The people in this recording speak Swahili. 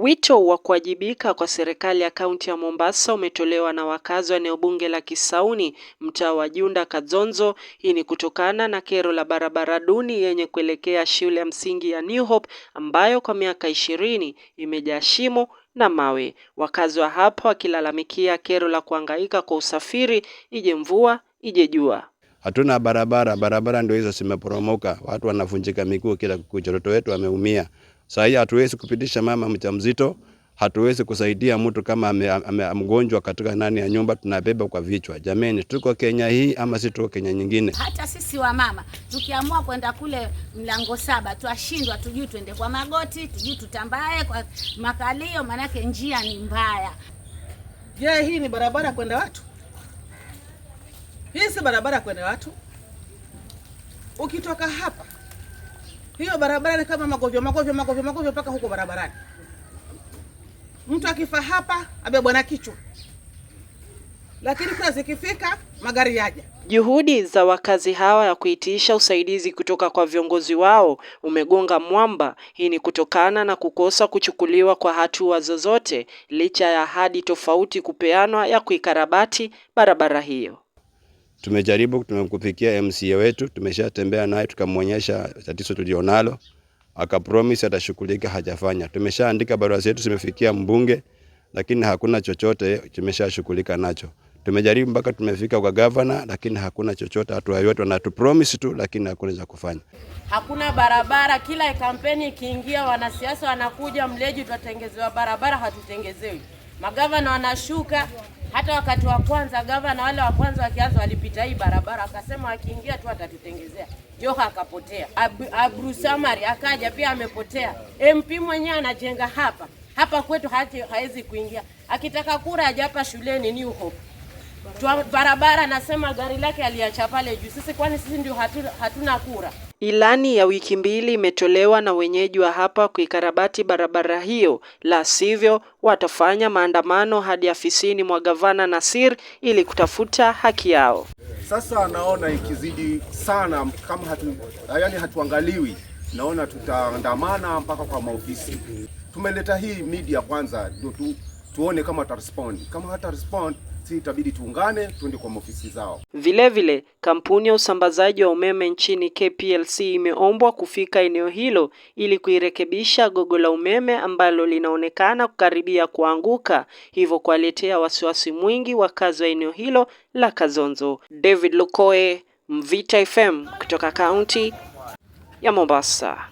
Wito wa kuwajibika kwa serikali ya kaunti ya Mombasa umetolewa na wakazi wa eneo bunge la Kisauni, mtaa wa Junda Kadzonzo. Hii ni kutokana na kero la barabara duni yenye kuelekea shule ya msingi ya New Hope ambayo kwa miaka ishirini imejaa shimo na mawe, wakazi wa hapa wakilalamikia kero la kuhangaika kwa usafiri, ije mvua ije jua. Hatuna barabara, barabara ndio hizo zimeporomoka, watu wanavunjika miguu kila kukucha, watoto wetu wameumia. Sahii hatuwezi kupitisha mama mjamzito, hatuwezi kusaidia mtu kama mgonjwa katika ndani ya nyumba, tunabeba kwa vichwa. Jameni, tuko Kenya hii ama si tuko Kenya nyingine? Hata sisi wa mama tukiamua kwenda kule mlango saba twashindwa, tujui tuende kwa magoti, tujui tutambae kwa makalio, maanake njia ni mbaya. Je, hii ni barabara kwenda watu? Hii si barabara kwenda watu. Ukitoka hapa hiyo barabarani kama magovyo magovyo magovyo magovyo mpaka huko barabarani. Mtu akifa hapa abe bwana kichwa, lakini kuna zikifika magari yaja. Juhudi za wakazi hawa ya kuitisha usaidizi kutoka kwa viongozi wao umegonga mwamba. Hii ni kutokana na kukosa kuchukuliwa kwa hatua zozote licha ya ahadi tofauti kupeanwa ya kuikarabati barabara hiyo. Tumejaribu, tumemkupikia MCA wetu, tumeshatembea naye tukamwonyesha tatizo tulionalo, akapromise atashughulika, hajafanya. Tumeshaandika barua zetu zimefikia mbunge, lakini hakuna chochote tumeshashughulika nacho. Tumejaribu mpaka tumefika kwa gavana, lakini hakuna chochote, watu wote wanatupromise tu, lakini hakuna cha kufanya. Hakuna barabara. Kila kampeni ikiingia, wanasiasa wanakuja Mleji tutatengezewa barabara, hatutengezewi magavana wanashuka. Hata wakati wa kwanza gavana wale wa kwanza wakianza walipita hii barabara, akasema akiingia tu atatutengezea. Joha akapotea, Abru Samari akaja pia amepotea, MP mwenyewe anajenga hapa hapa kwetu hawezi kuingia, akitaka kura aje hapa shuleni New Hope barabara, anasema gari lake aliacha pale juu. Sisi kwani sisi ndio hatuna, hatuna kura? Ilani ya wiki mbili imetolewa na wenyeji wa hapa kuikarabati barabara hiyo, la sivyo watafanya maandamano hadi afisini mwa gavana nasir ili kutafuta haki yao. Sasa naona ikizidi sana kama hatu, yani hatuangaliwi, naona tutaandamana mpaka kwa maofisi. Tumeleta hii media kwanza ndio tu, tuone kama respond. kama hata respond si itabidi tuungane tuende kwa ofisi zao. Vilevile, kampuni ya usambazaji wa umeme nchini KPLC imeombwa kufika eneo hilo ili kuirekebisha gogo la umeme ambalo linaonekana kukaribia kuanguka, hivyo kuwaletea wasiwasi mwingi wakazi wa eneo hilo la Kazonzo. David Lukoe, Mvita FM kutoka kaunti ya Mombasa.